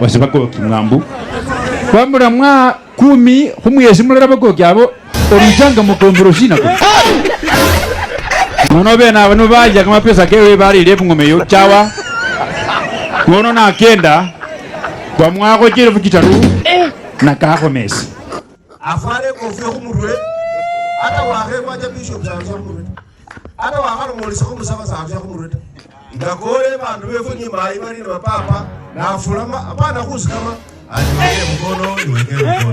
mwambu imwambu mwa kumi khumwesi mulala bagoka abo oritanga mukombero sinako nono bene aba nibo bajaka mapesa kewe chawa nono nakenda kwamwakho chilefu chitaru nakakhomesa ata bishop ata ngakole bantu befunyi mai bali na mapapa na kuzikama aliweke mkono niweke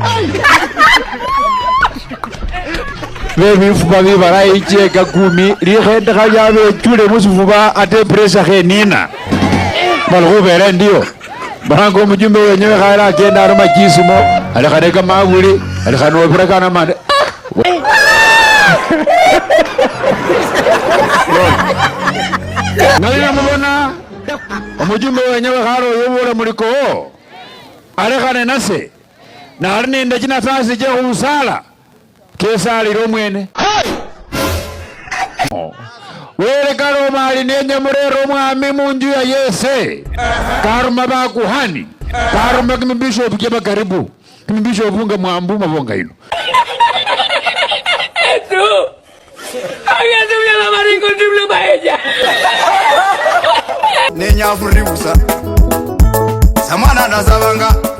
mkono bebifuba icheka kumi likhendekha lyabechule musifuba ate presa khenina bali khubera ndiyo baranga omujumbe wenyewe khale akenda aro majisimo alikhane kamavuli alikhanobirakana mane nalina mubona omujumbe wenyewe khale oyubule mulikoo alekhane nase nali nende chinafasi chekhusala kesalile omwene wele kalomali nenye murera omwami munju ya yese karuma bakuhani karuma kimibishopu kyebakaribu kimibishopu nga mwambu mabonga ino nenyafuriusa samwana ndasavanga